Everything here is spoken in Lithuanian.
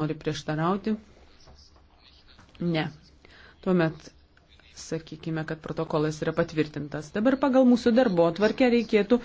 nori prieštarauti? Ne. Tuomet sakykime, kad protokolas yra patvirtintas. Dabar pagal mūsų darbo atvarkę reikėtų